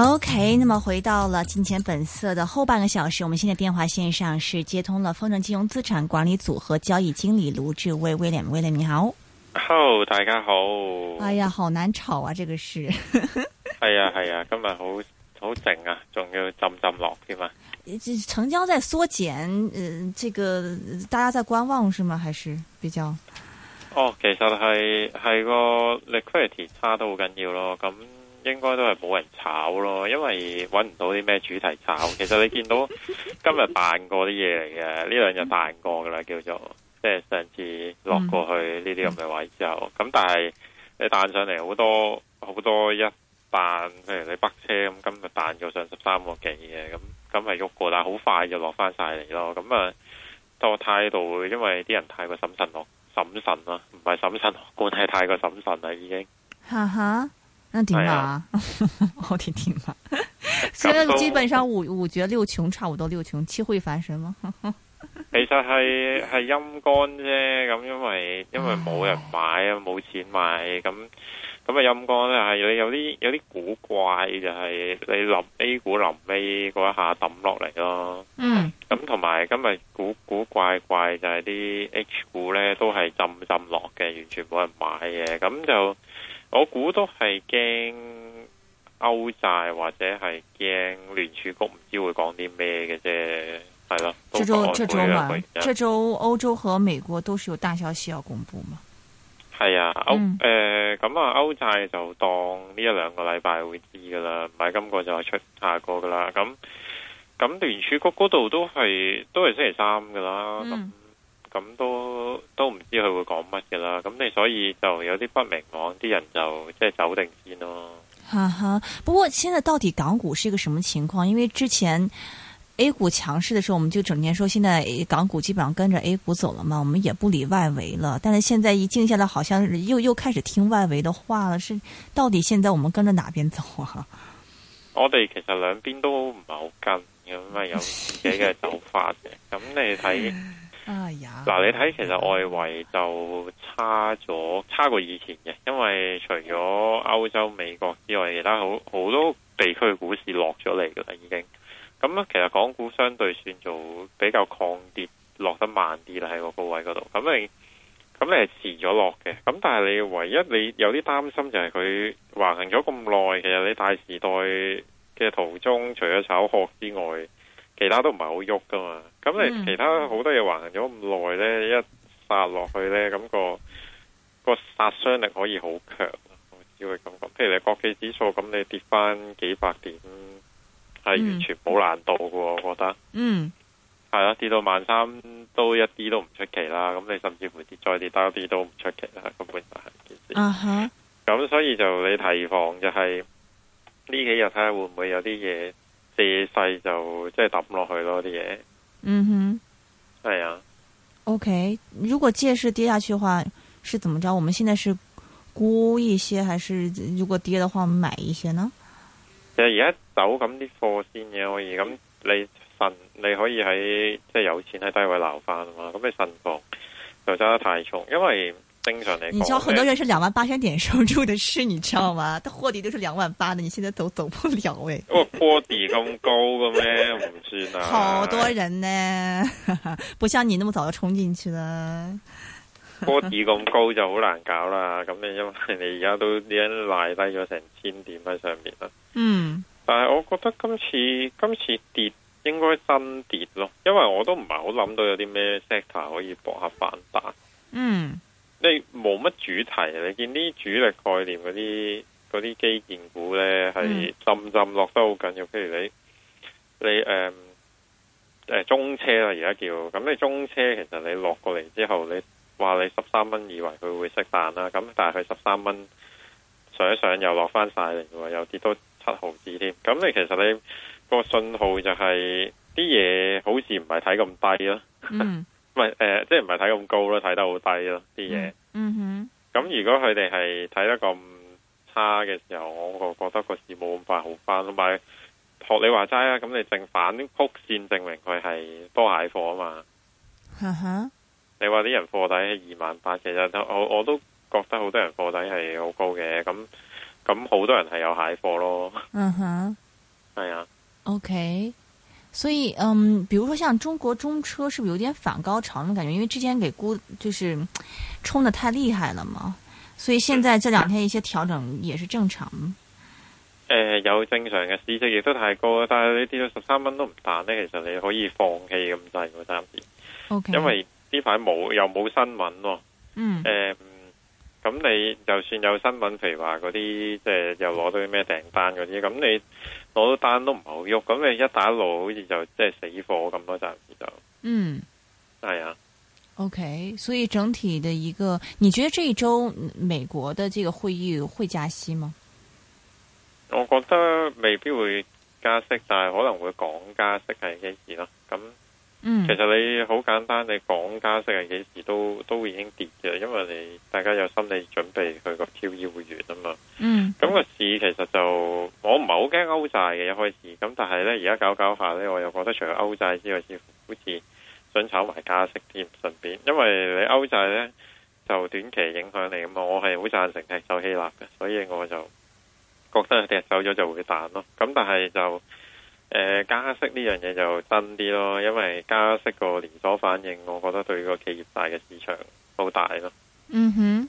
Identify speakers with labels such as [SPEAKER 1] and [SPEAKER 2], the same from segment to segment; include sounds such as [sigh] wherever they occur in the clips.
[SPEAKER 1] O.K.，那麼回到了《金錢本色》的後半個小時，我們現在電話線上是接通了豐盛金融資產管理組合交易經理盧志威、威廉、威廉，你好。
[SPEAKER 2] Hello，大家好。哎
[SPEAKER 1] 呀，好難炒啊，這個市。
[SPEAKER 2] 係啊係啊，今日好好靜啊，仲要浸浸落添啊。
[SPEAKER 1] [laughs] 成交在縮減，嗯、呃，這個大家在觀望是嗎？還是比較？
[SPEAKER 2] 哦，其實係係個 liquidity 差得好緊要咯，咁。應該都係冇人炒咯，因為揾唔到啲咩主題炒。其實你見到今日彈過啲嘢嚟嘅，呢 [laughs] 兩日彈過噶啦，叫做即係上次落過去呢啲咁嘅位之後，咁、嗯、但係你彈上嚟好多好、嗯、多一彈，譬如你北車咁，今日彈咗上十三個幾嘅，咁咁咪喐過，但係好快就落翻晒嚟咯。咁啊，個態度因為啲人太過審慎咯，審慎啦，唔係審慎，觀係太過審慎啦已經。
[SPEAKER 1] 嚇嚇～那點啊？哎、呀 [laughs] 我聽聽吧。
[SPEAKER 2] [laughs] 所以基
[SPEAKER 1] 本上五五絕六窮，差唔多六窮，七會翻身嗎？
[SPEAKER 2] [laughs] 其實係係陰乾啫，咁因為因為冇人買啊，冇錢買，咁咁啊陰乾咧係你有啲有啲古怪就係、是、你臨 A 股臨尾嗰一下抌落嚟咯。嗯。咁同埋今日古古怪怪就係啲 H 股咧都係浸浸落嘅，完全冇人買嘅，咁就。我估都係驚歐債或者係驚聯儲局唔知會講啲咩嘅啫，係咯、啊，都唔確定嘅。這周這周嘛，這
[SPEAKER 1] 周歐洲和美國都是有大消息要公布嘛？
[SPEAKER 2] 係啊，歐誒咁啊，歐債、嗯呃、就當呢一兩個禮拜會知噶啦，唔係今個就係出下個噶啦。咁咁聯儲局嗰度都係都係星期三噶啦。嗯。嗯咁都都唔知佢會講乜嘅啦，咁你所以就有啲不明朗，啲人就即係走定先咯。
[SPEAKER 1] 哈、啊、哈，不過現在到底港股是一個什麼情況？因為之前 A 股強勢嘅時候，我們就整天說，現在港股基本上跟着 A 股走了嘛，我們也不理外圍了。但是現在一靜下來，好像又又開始聽外圍的話了。是到底現在我們跟着哪邊走啊？
[SPEAKER 2] [laughs] 我哋其實兩邊都唔係好跟，咁咪有自己嘅走法嘅。咁 [laughs] 你睇。嗱，你睇、哎，看嗯、其實外圍就差咗，差過以前嘅，因為除咗歐洲、美國之外，其他好好多地區嘅股市落咗嚟噶啦，已經。咁、嗯、咧，其實港股相對算做比較抗跌，落得慢啲啦，喺嗰個位嗰度。咁、嗯嗯、你，咁、嗯、你係遲咗落嘅。咁、嗯、但係你唯一你有啲擔心就係佢橫行咗咁耐，其實你大時代嘅途中，除咗炒殼之外。其他都唔係好喐，噶嘛，咁你其他好多嘢，橫行咗咁耐呢，一殺落去呢，咁、嗰個、嗰個殺傷力可以好強，我只會咁講。譬如你國際指數咁，你跌返幾百點，係、嗯、完全冇難度嘅，我覺得。嗯，係啦，跌到萬三都一啲都唔出奇啦。咁你甚至乎跌再跌，一啲都唔出奇啦，根本就係件事。嗯咁、uh huh. 所以就你提防就係、是、呢幾日睇下會唔會有啲嘢。跌勢就即係抌落去咯啲嘢，嗯
[SPEAKER 1] 哼，係啊，OK。如果借勢跌下去嘅話，是怎麼着？我們現在是沽一些，還是如果跌嘅話，我們買一些呢？
[SPEAKER 2] 其實而家走緊啲貨先嘅、啊，可以咁你慎，你可以喺即係有錢喺低位撈翻啊嘛。咁你慎防就揸得太重，因為。正常你知道，很多人
[SPEAKER 1] 是兩萬八千點守住的市，你知道嗎？但貨底都是兩萬八的，你現在走走不了，欸。位 [laughs] 。
[SPEAKER 2] 哦，貨底咁高嘅咩？唔算啊。好多
[SPEAKER 1] 人呢、啊， [laughs] 不像你那麼早就衝進去啦。
[SPEAKER 2] 貨底咁高就好難搞啦。咁你因為你而家都已經賴低咗成千點喺上面啦。嗯，但係我覺得今次今次跌應該真跌咯，因為我都唔係好諗到有啲咩 sector 可以博下反彈。嗯。你冇乜主題，你見啲主力概念嗰啲嗰啲基建股呢，係浸浸落得好緊要。譬如你，你誒誒、呃、中車啦，而家叫，咁你中車其實你落過嚟之後，你話你十三蚊，以為佢會熄彈啦，咁但係佢十三蚊上一上又落翻晒嚟嘅，又跌多七毫子添。咁你其實你個信號就係啲嘢好似唔係睇咁低咯。嗯唔誒、呃，即係唔係睇咁高咯，睇得好低咯啲嘢。嗯哼。咁如果佢哋係睇得咁差嘅時候，我覺覺得個市冇咁快好翻。同埋學你話齋啊，咁你正反曲線證明佢係多蟹貨啊嘛。
[SPEAKER 3] 哈哈、嗯
[SPEAKER 2] 哼。你話啲人貨底係二萬八，其實我我都覺得好多人貨底係好高嘅，咁咁好多人係有蟹貨咯。嗯
[SPEAKER 1] 哼。係啊 [laughs] 的。O K。所以嗯，比如說像中國中車，是不是有點反高潮那種感覺？因為之前給估就是衝得太厲害了嘛，所以現在這兩天一些調整也是正常。
[SPEAKER 2] 誒、呃，有正常嘅市值亦都太高，但係你跌到十三蚊都唔彈呢，其實你可以放棄咁滯暫時。O K。Okay. 因為呢排冇又冇新聞喎、哦。嗯。誒、呃。咁你就算有新聞譬如話嗰啲，即係又攞到啲咩訂單嗰啲，咁你攞到單都唔好喐，咁你一打一路好似就即係死火咁多暫時就，嗯係啊
[SPEAKER 1] ，OK，所以整體的一個，你覺得呢一周美國的這個會議會加息嗎？
[SPEAKER 2] 我覺得未必會加息，但係可能會講加息係幾時咯，咁。嗯，其實你好簡單，你講加息係幾時都都已經跌嘅，因為你大家有心理準備去個 QE 完啊嘛。嗯，咁個市其實就我唔係好驚歐債嘅一開始，咁但係呢，而家搞一搞一下呢，我又覺得除咗歐債之外，似乎好似想炒埋加息添，順便，因為你歐債呢，就短期影響你啊嘛，我係好贊成踢走希臘嘅，所以我就覺得踢走咗就會彈咯，咁但係就。呃，加息呢樣嘢就真啲咯，因為加息個連鎖反應，我覺得對個企業大嘅市場都大咯。嗯哼。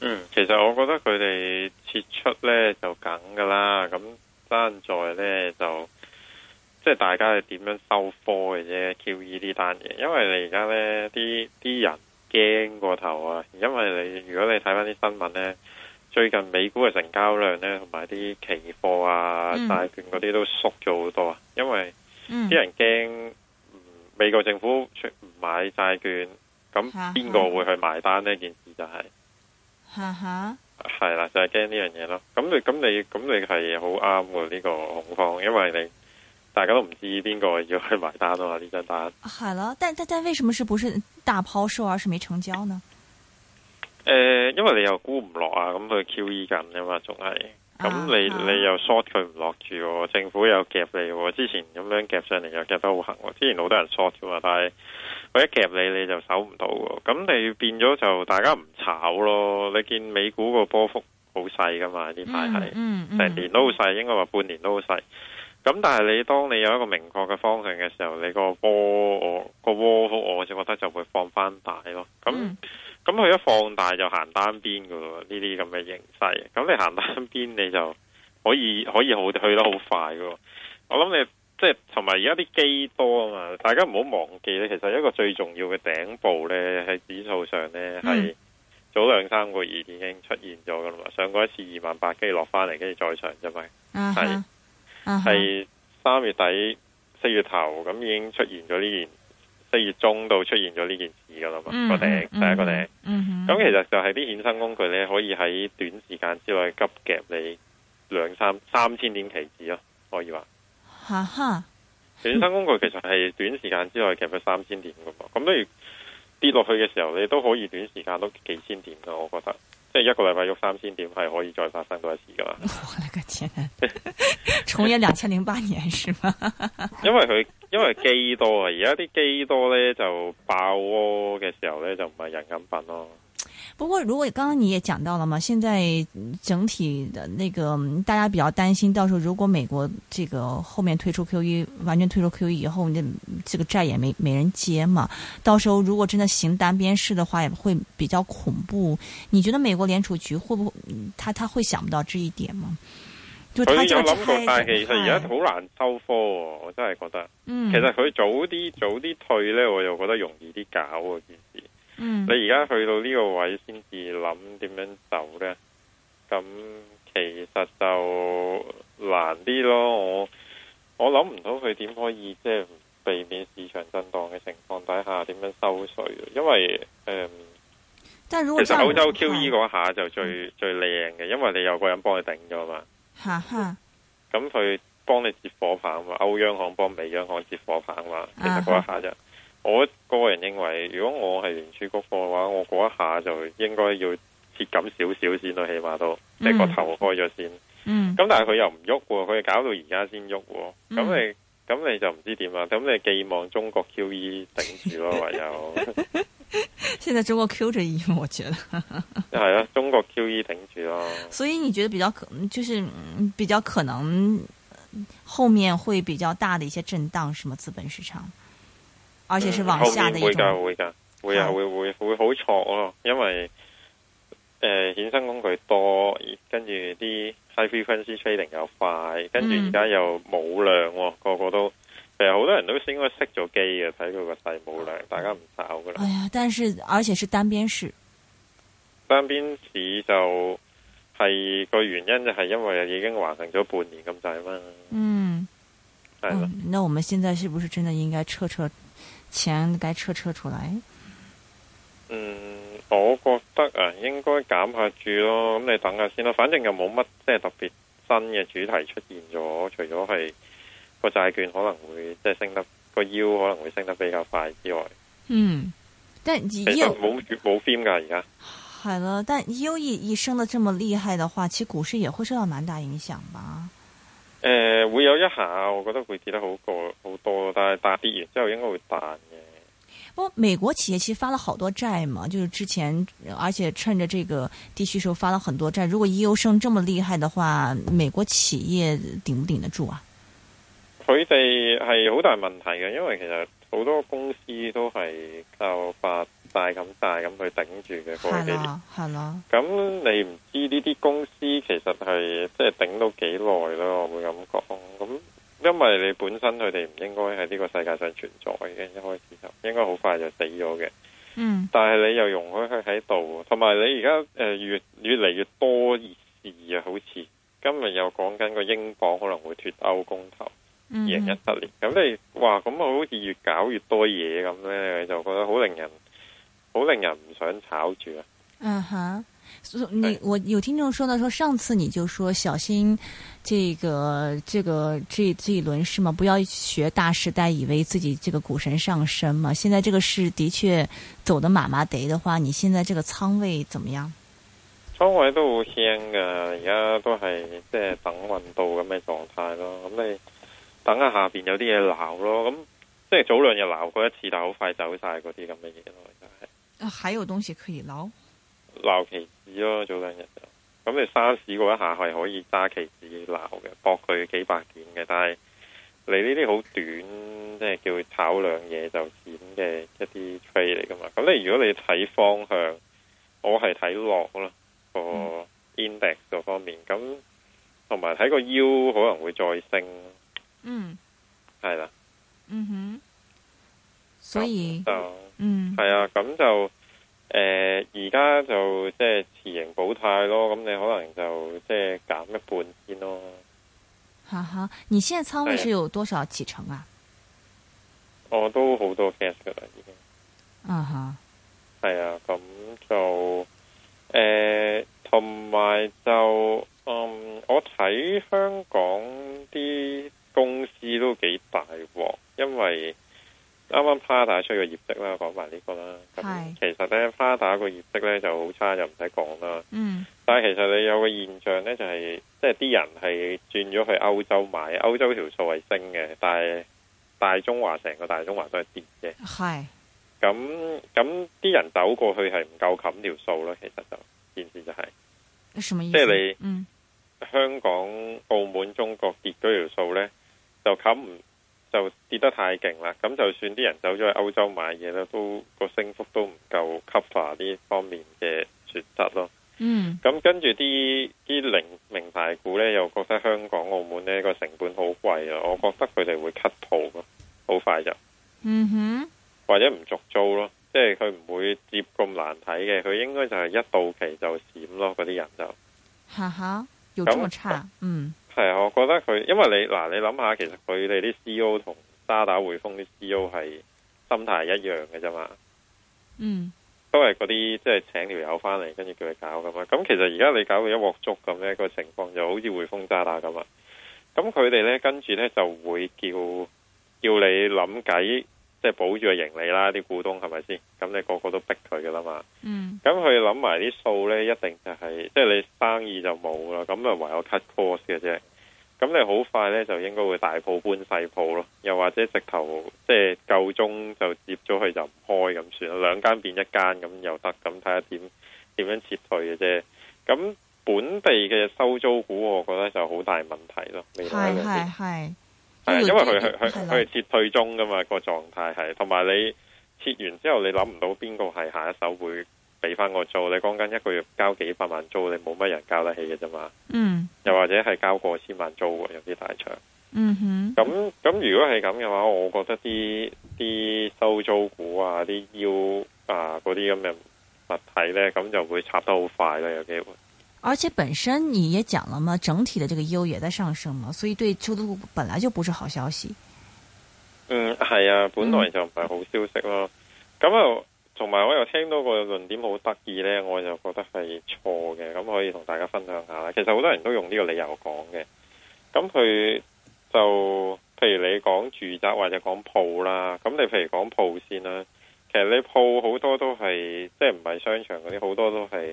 [SPEAKER 2] 嗯，其實我覺得佢哋撤出呢就梗㗎啦，咁爭在呢，就,呢就即係大家係點樣收科嘅啫。Q.E. 呢單嘢，因為你而家呢啲啲人驚過頭啊。因為你如果你睇翻啲新聞呢，最近美股嘅成交量呢，同埋啲期貨啊、嗯、債券嗰啲都縮咗好多，啊。因為啲、嗯、人驚美國政府出唔買債券，咁邊個會去埋單呢件事就係、是。吓吓係啦，就係驚呢樣嘢咯。咁你咁你咁你係好啱嘅呢個恐慌，因為你大家都唔知邊個要去埋單啊嘛呢張單。
[SPEAKER 1] 係咯、uh huh.，但但但為什麼是不是大拋售、啊，而是沒成交呢？誒、
[SPEAKER 2] uh，huh. 因為你又估唔落啊，咁佢 QE 緊啊嘛，仲係咁你你又 short 佢唔落住，政府又夾你，之前咁樣夾上嚟又夾得好狠，之前好多人 short 話，但係。佢一夾你，你就守唔到喎。咁你變咗就大家唔炒咯。你見美股個波幅好細噶嘛？呢排
[SPEAKER 3] 係成、嗯嗯、年都好
[SPEAKER 2] 細，應該話半年都好細。咁但係你當你有一個明確嘅方向嘅時候，你個波、哦這個波我個波幅，我就覺得就會放翻大咯。咁咁佢一放大就行單邊噶喎。呢啲咁嘅形勢，咁你行單邊，你就可以可以好去得好快噶。我諗你。即係同埋而家啲機多啊嘛，大家唔好忘記咧。其實一個最重要嘅頂部咧，喺指數上咧係早兩三個月已經出現咗噶啦嘛。上過一次二萬八，跟住落翻嚟，跟住再上啫嘛。係係三月底四月頭咁已經出現咗呢件，四月中度出現咗呢件事噶啦嘛。Uh huh. 個頂，第一個頂。咁、uh huh. 其實就係啲衍生工具咧，可以喺短時間之內急夾你兩三三千點期指咯，可以話。吓吓，衍、啊、生工具其實係短時間之內其實佢三千點噶嘛，咁例如跌落去嘅時候，你都可以短時間都幾千點啊！我覺得，即係一個禮拜喐三千點係可以再發生多一次噶嘛。我個天，
[SPEAKER 1] 重演兩千零八年是嗎？
[SPEAKER 2] 因為佢因為機多啊，而家啲機多呢，就爆窩嘅時候呢，就唔係人咁笨咯。
[SPEAKER 1] 不過，如果剛剛你也講到了嘛，現在整體的那個大家比較擔心，到時候如果美國這個後面退出 QE，完全退出 QE 以後，這這個債也沒沒人接嘛。到時候如果真的行單邊式的話，也會比較恐怖。你覺得美國聯儲局會不會，他他會想不到這一點嗎？就他就諗到，但係其實而家
[SPEAKER 2] 好難收科喎，我真係覺得。嗯。其實佢早啲早啲退呢，我又覺得容易啲搞啊件事。嗯、你而家去到呢個位先至諗點樣走呢？咁其實就難啲咯。我我諗唔到佢點可以即係、就是、避免市場震盪嘅情況底下點樣收水。因為
[SPEAKER 1] 誒，嗯、其實歐洲 QE
[SPEAKER 2] 嗰下就最、嗯、最靚嘅，因為你有個人幫你頂咗嘛。
[SPEAKER 1] 吓，
[SPEAKER 2] 咁佢幫你接火棒嘛？歐央行幫美央行接火棒嘛？啊、其實嗰一下啫。我個人認為，如果我係年初嗰嘅話，我過一下就應該要切咁少少先啦，起碼都呢個頭開咗先。嗯，咁但係佢又唔喐，佢搞到而家先喐。咁、嗯、你咁你就唔知點啦。咁你寄望中國 QE 頂住咯，嗯、唯有。
[SPEAKER 1] 現在中國 QE，我覺得。
[SPEAKER 2] 係啦，中國 QE 頂住咯。
[SPEAKER 1] 所以你覺得比較可，就是比較可能後面會比較大的一些震蕩，什麼資本市場？ [laughs] 而且是往下的
[SPEAKER 2] 一種。會噶會噶會啊會會會好錯咯因為誒、呃、衍生工具多，跟住啲 high frequency trading 又快，跟住而家又冇量、哦嗯、個個都其實好多人都應該熄咗機嘅，睇佢個細冇量，大家唔炒噶啦。哎呀，
[SPEAKER 1] 但是而且是單邊市。
[SPEAKER 2] 單邊市就係、是、個原因就係因為已經橫行咗半年咁滯嘛。嗯吧，係咯、嗯。
[SPEAKER 1] 那我們現在是不是真的應該徹徹？錢該撤撤出來。
[SPEAKER 2] 嗯，我覺得啊，應該減下注咯。咁、嗯、你等下先啦，反正又冇乜即係特別新嘅主題出現咗，除咗係個債券可能會即係升得個 U 可能會升得比較快之外。嗯，
[SPEAKER 1] 但 U 冇
[SPEAKER 2] 冇添㗎而家。
[SPEAKER 1] 係啦、e O,，但 U E E 升得這麼厲害嘅話，其實股市也會受到蠻大影響吧。
[SPEAKER 2] 誒、呃，會有一下，我覺得會跌得好過好多，但係大跌完之後應該會彈嘅。
[SPEAKER 1] 不，美國企業其實發了好多債嘛，就是之前而且趁着這個地區時候發了很多債。如果 E U 升這麼厲害的話，美國企業頂唔頂得住啊？
[SPEAKER 2] 佢哋係好大問題嘅，因為其實好多公司都係靠發。大咁大咁去頂住嘅嗰啲，係啦，咁你唔知呢啲公司其實係即係頂到幾耐咯？我會咁講。咁因為你本身佢哋唔應該喺呢個世界上存在嘅，一開始就應該好快就死咗嘅。嗯。但係你又容許佢喺度，同埋你而家誒越越嚟越多事啊！好似今日又講緊個英鎊可能會脱歐公投，二零一七年。咁、嗯、你哇，咁好似越搞越多嘢咁咧，就覺得好令人～好令人唔想炒住
[SPEAKER 1] 啊！嗯哼，你我有聽眾說到，說上次你就說小心，這個、這個、這這一輪是嘛？不要學大時代，以為自己這個股神上身嘛。現在這個市的確走得麻麻哋，的話，你現在這個倉位怎麼樣？
[SPEAKER 2] 倉位都好輕噶，而家都係即係等運到咁嘅狀態咯。咁、嗯、你等下下邊有啲嘢撈咯，咁、嗯、即係早兩日撈過一次，但好快走晒嗰啲咁嘅嘢咯，就係。
[SPEAKER 1] 啊，還有東西可以撈，
[SPEAKER 2] 撈期指咯，早兩日就，咁你沙士嗰一下係可以揸期指撈嘅，博佢幾百點嘅，但係你呢啲好短，即係叫炒兩嘢就短嘅一啲 trade 嚟噶嘛，咁你如果你睇方向，我係睇落咯個 index 個方面，咁同埋睇個腰可能會再升，嗯，
[SPEAKER 3] 係啦，嗯哼，所以。
[SPEAKER 2] 嗯，係啊，咁就誒而家就即係持盈保泰咯，咁你可能就即係、呃、減一半先咯。哈
[SPEAKER 1] 哈，你現在倉位是有多少幾成啊？
[SPEAKER 2] 我、哦、都好多 cash 噶啦，已經。嗯哼，係啊，咁就誒，同、呃、埋就嗯，我睇香港啲公司都幾大鑊，因為。啱啱 Prada 出個業績啦，我講埋呢個啦。嗯、其實咧，Prada 個業績咧就好差，就唔使講啦。嗯、但係其實你有個現象咧，就係、是、即係啲人係轉咗去歐洲買，歐洲條數係升嘅，但係大中華成個大中華都係跌嘅。係咁咁啲人走過去係唔夠冚條數咯，其實就件事就係、
[SPEAKER 3] 是，什麼意思即係你、嗯、
[SPEAKER 2] 香港、澳門、中國跌嗰條數咧就冚唔。就跌得太勁啦，咁就算啲人走咗去歐洲買嘢啦，都個升幅都唔夠 cover 呢方面嘅抉擇咯。嗯，咁跟住啲啲零名牌股呢，又覺得香港澳門呢個成本好貴啊，我覺得佢哋會 cut 吐咯，好快就。
[SPEAKER 3] 嗯
[SPEAKER 1] 哼，
[SPEAKER 2] 或者唔續租咯，即係佢唔會接咁難睇嘅，佢應該就係一到期就閃咯，嗰啲人就。
[SPEAKER 1] 哈哈，有咁差？嗯。
[SPEAKER 2] 係，我覺得佢，因為你嗱，你諗下，其實佢哋啲 CEO 同渣打匯豐啲 CEO 係心態係一樣嘅啫嘛，嗯就是、嘛。嗯，都係嗰啲即係請條友翻嚟，跟住叫佢搞噶嘛。咁其實而家你搞到一鑊粥咁呢個情況就好似匯豐渣打咁啊。咁佢哋呢，跟住呢就會叫叫你諗計。即係保住個盈利啦，啲股東係咪先？咁你個個都逼佢噶啦嘛。嗯，咁佢諗埋啲數咧，一定就係、是、即係你生意就冇啦。咁咪唯有 cut cost 嘅啫。咁你好快咧，就應該會大鋪搬細鋪咯，又或者直頭即係夠鐘就接咗佢就唔開咁算啦。兩間變一間咁又得，咁睇下點點樣撤退嘅啫。咁本地嘅收租股，我覺得就好大問題咯。未係係。係，因為佢佢佢佢係撤退中噶嘛個狀態係，同埋你撤完之後，你諗唔到邊個係下一手會俾翻個租。你講緊一個月交幾百萬租，你冇乜人交得起嘅啫嘛。嗯。又或者係交過千萬租，有啲大場。嗯哼。咁咁如果係咁嘅話，我覺得啲啲收租股啊，啲 U 啊，嗰啲咁嘅物體咧，咁就會插得好快咧，有機會。
[SPEAKER 1] 而且本身你也講了嘛，整體的這個 U 也在上升嘛，所以對出租本來就不是好消息。
[SPEAKER 2] 嗯，係啊，本來就唔係好消息咯。咁啊、嗯，同埋我又聽到個論點好得意咧，我就覺得係錯嘅，咁可以同大家分享下啦。其實好多人都用呢個理由講嘅，咁佢就譬如你講住宅或者講鋪啦，咁你譬如講鋪先啦，其實你鋪好多都係即係唔係商場嗰啲，好多都係。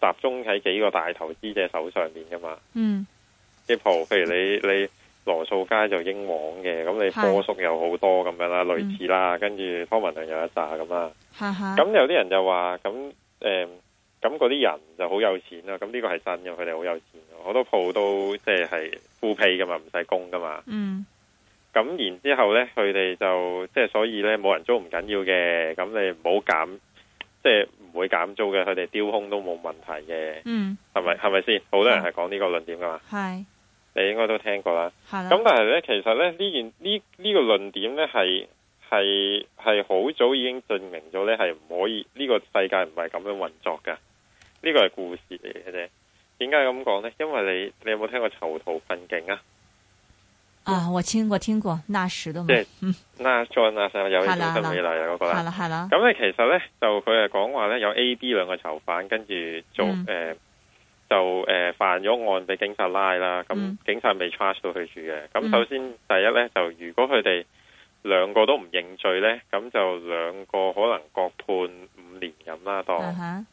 [SPEAKER 2] 集中喺幾個大投資者手上邊噶嘛？
[SPEAKER 3] 嗯，
[SPEAKER 2] 啲鋪，譬如你你羅素街就英皇嘅，咁你波叔又好多咁樣啦，是類似啦，跟住湯文亮又一紮咁啦。
[SPEAKER 3] 吓咁
[SPEAKER 2] 是有啲人就話咁，誒，咁嗰啲人就好有錢啦。咁呢個係真嘅，佢哋好有錢，好多鋪都即係敷皮噶嘛，唔使供噶嘛。嗯，咁然之後咧，佢哋就即係所以咧，冇人租唔緊要嘅，咁你唔好減。即係唔會減租嘅，佢哋丟空都冇問題嘅，係咪、嗯？係咪先？好多人係講呢個論點噶嘛，嗯、你應該都聽過啦。咁的但係呢，其實呢件、這個、論點呢件呢呢個論點呢係係係好早已經證明咗呢係唔可以呢、這個世界唔係咁樣運作嘅，呢個係故事嚟嘅啫。點解咁講呢？因為你你有冇聽過囚徒困境啊？
[SPEAKER 1] 啊！我聽過聽過，那時的嘛，即
[SPEAKER 2] 係納頓納什有呢個就未嚟有嗰個啦。好了好了，咁咧其實咧就佢係講話咧有 A、B 兩個囚犯，跟住做誒、嗯呃、就誒、呃、犯咗案俾警察拉啦，咁、嗯嗯嗯、警察未 charge 到佢住嘅。咁、嗯、首先第一咧就如果佢哋兩個都唔認罪咧，咁就兩個可能各判五年咁啦，當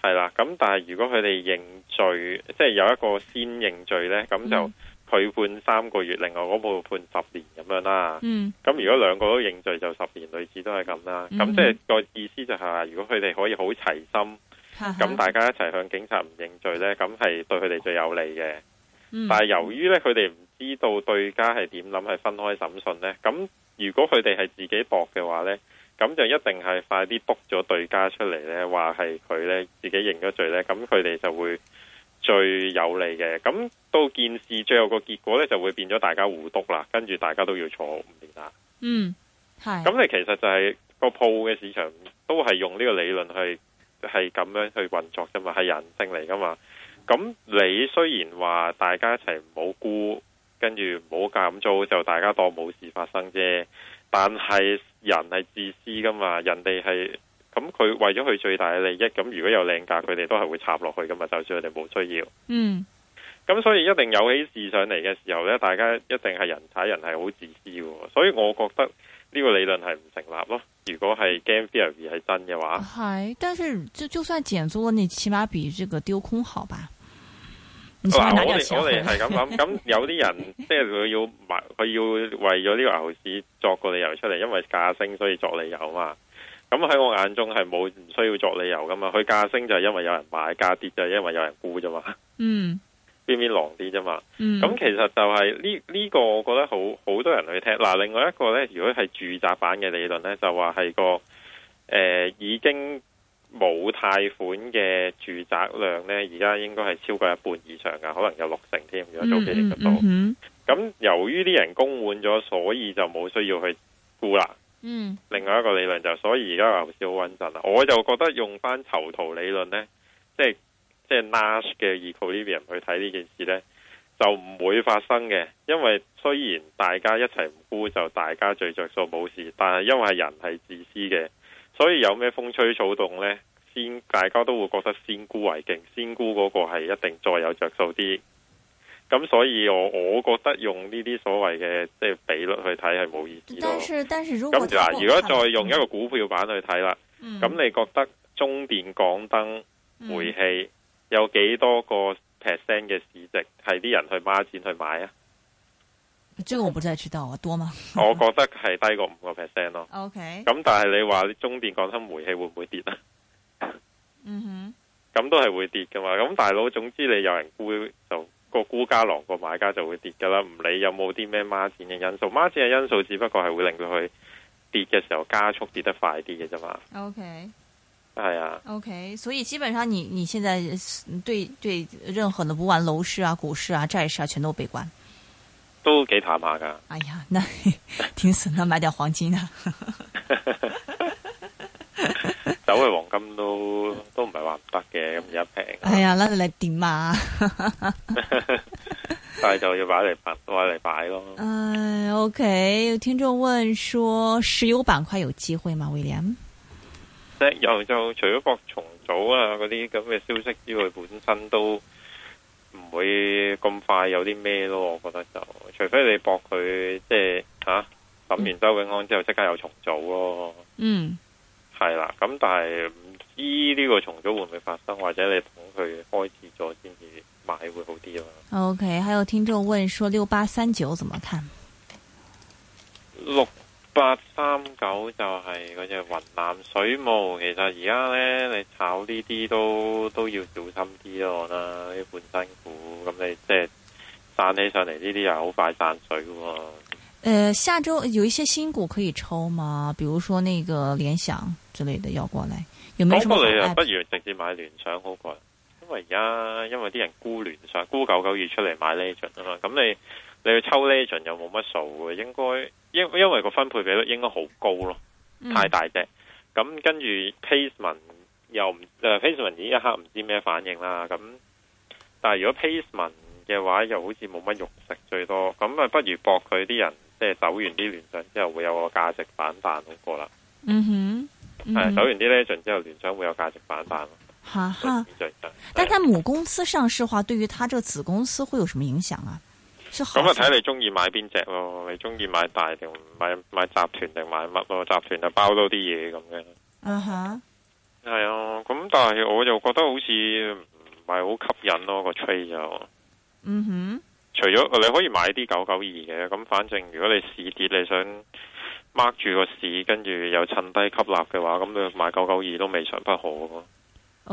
[SPEAKER 2] 係啦。咁但係如果佢哋認罪，即係有一個先認罪咧，咁就。佢判三個月，另外嗰部判十年咁樣啦。嗯，咁如果兩個都認罪就十年，類似都係咁啦。咁、嗯、即係個意思就係、是，如果佢哋可以好齊心，
[SPEAKER 3] 咁、嗯、大
[SPEAKER 2] 家一齊向警察唔認罪呢，咁係對佢哋最有利嘅。嗯、但係由於呢，佢哋唔知道對家係點諗，係分開審訊呢。咁如果佢哋係自己搏嘅話呢，咁就一定係快啲篤咗對家出嚟呢，話係佢呢自己認咗罪呢，咁佢哋就會。最有利嘅，咁到件事最後個結果呢就會變咗大家互督啦，跟住大家都要坐五年啦。嗯，係。咁你其實就係個鋪嘅市場都係用呢個理論去係咁樣去運作噶嘛，係人性嚟噶嘛。咁你雖然話大家一齊唔好沽，跟住唔好減租，就大家當冇事發生啫，但係人係自私噶嘛，人哋係。咁佢、嗯、為咗佢最大嘅利益，咁如果有靚價，佢哋都係會插落去噶嘛？就算佢哋冇需要，嗯，咁、嗯、所以一定有起事上嚟嘅時候呢，大家一定係人踩人，係好自私嘅。所以我覺得呢個理論係唔成立咯。如果係 game theory 係真嘅話，
[SPEAKER 1] 係，但是就就算減租，你起碼比呢個丟空好吧？
[SPEAKER 2] 啊啊、我哋我哋係咁諗，咁 [laughs] 有啲人即係佢要買，佢要為咗呢個牛市作個理由出嚟，因為價升，所以作理由啊嘛。咁喺我眼中係冇唔需要作理由噶嘛？佢價升就係因為有人買，價跌就係因為有人沽啫嘛。嗯，邊邊狼啲啫嘛。咁、嗯、其實就係呢呢個我覺得好好多人去聽。嗱、啊，另外一個呢，如果係住宅版嘅理論呢，就話係個誒、呃、已經冇貸款嘅住宅量呢，而家應該係超過一半以上噶，可能有六成添、嗯。嗯嗯嗯。咁由於啲人供滿咗，所以就冇需要去沽啦。嗯，另外一個理論就是，所以而家樓市好穩陣啦。我就覺得用翻囚徒理論呢，即係即係 Nash 嘅 Equilibrium 去睇呢件事呢，就唔會發生嘅。因為雖然大家一齊唔沽就大家最着數冇事，但係因為人係自私嘅，所以有咩風吹草動呢，先大家都會覺得先沽為敬，先沽嗰個係一定再有着數啲。咁所以我我覺得用呢啲所謂嘅即係比率去睇係冇意思。但
[SPEAKER 3] 是但是如果嗱，如果再用一
[SPEAKER 2] 個股票板去睇啦，咁、嗯、你覺得中電、港燈、
[SPEAKER 3] 煤氣
[SPEAKER 2] 有幾多個 percent 嘅市值係啲人去孖展去買啊？
[SPEAKER 1] 嗯、這個我唔太知道啊，多嗎？ [laughs] 我
[SPEAKER 2] 覺得係低過五個 percent 咯。OK。咁但係你話中電、港燈、煤氣會唔會跌啊？ [laughs] 嗯哼。咁 [laughs] 都係會跌噶嘛？咁大佬，總之你有人沽。就。個估價浪個買家就會跌噶啦，唔理有冇啲咩孖展嘅因素，孖展嘅因素只不過係會令到佢跌嘅時候加速跌得快啲嘅啫嘛。OK，係啊。Okay.
[SPEAKER 1] OK，所以基本上你你現在對對任何嘅，不玩樓市啊、股市啊、債市啊，全都悲觀，
[SPEAKER 2] 都幾淡下噶。
[SPEAKER 1] 哎呀，那挺死，那買點黃金啊。 [laughs] [laughs]
[SPEAKER 2] 所謂黃金都都唔係話唔得嘅，咁而家平。係、哎、 [laughs] [laughs]
[SPEAKER 1] 啊，嗱，你點啊？
[SPEAKER 2] 但係就要擺嚟擺，擺嚟擺咯。
[SPEAKER 1] 唉 OK 有聽眾問說，石油板塊有機會嗎？William？
[SPEAKER 2] 即又就除咗博重組啊，嗰啲咁嘅消息之外，本身都唔會咁快有啲咩咯。我覺得就除非你博佢，即係吓諗完周永康之後，即刻有重組咯。嗯。係啦，咁但係唔知呢個重組會唔會發生，或者你捧佢開始咗先至買會好啲咯。o、
[SPEAKER 1] okay，還有聽眾問說六八三九怎麼看？
[SPEAKER 2] 六八三九就係嗰隻雲南水務，其實而家呢，你炒呢啲都都要小心啲咯，呢啲半新股，咁你即係散起上嚟呢啲又好快散水噶喎、
[SPEAKER 1] 呃。下周有一些新股可以抽嗎？比如說那個聯想。之類的要過來，
[SPEAKER 2] 又冇乜，你不如直接買聯想好過，因為而家因為啲人沽聯想沽九九二出嚟買 Legion 啊嘛。咁你你去抽 Legion 又冇乜數嘅，應該因因為個分配比率應該好高咯，太大隻咁。跟住 placement 又唔 placement 呢一刻唔知咩反應啦。咁但係如果 placement 嘅話，又好似冇乜肉食最多咁啊，不如搏佢啲人即係、就是、走完啲聯想之後會有個價值反彈好過啦。嗯哼。係、嗯、走完啲咧，陣之後聯想會有價值反彈咯。哈哈，是
[SPEAKER 1] 但佢母公司上市話，對於佢這個子公司會有什麼影響啊？咁啊，睇你
[SPEAKER 2] 中意買邊隻咯？你中意買大定買買集團定買乜咯？集團就包多啲嘢咁嘅。樣嗯哼，係啊。咁但係我就覺得好似唔係好吸引咯個 trade 就。嗯哼。除咗你可以買啲九九二嘅，咁反正如果你試跌，你想。握住個市，跟住又趁低吸納嘅話，咁你買九九二都未嘗不可。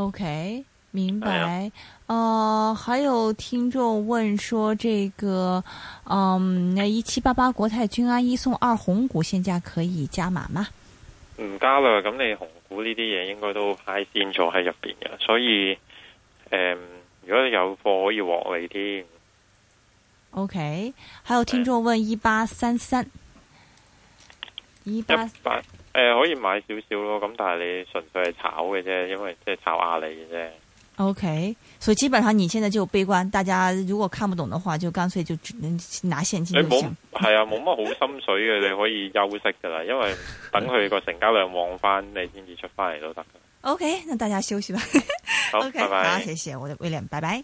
[SPEAKER 1] OK，明白。啊、嗯，還有聽眾問說，這個，嗯，一七八八國泰君安一送二紅股現價可以加碼嗎？
[SPEAKER 2] 唔加啦，咁你紅股呢啲嘢應該都派線咗喺入邊嘅，所以，誒，如果有貨可以獲利添。
[SPEAKER 1] OK，還有聽眾問一八三三。
[SPEAKER 2] 一百誒，可以買少少咯，咁但係你純粹係炒嘅啫，因為即係炒阿里嘅啫。
[SPEAKER 1] OK，所以基本上你現在就悲觀，大家如果看不懂的話，就乾脆就只能拿現金就
[SPEAKER 2] 行。係啊，冇乜好心水嘅， [laughs] 你可以休息噶啦，因為等佢個成交量旺翻，你先至出翻嚟都
[SPEAKER 1] 得。OK，那大家休息吧。
[SPEAKER 2] [laughs] OK 拜拜，謝
[SPEAKER 1] 謝，我叫威廉，拜拜。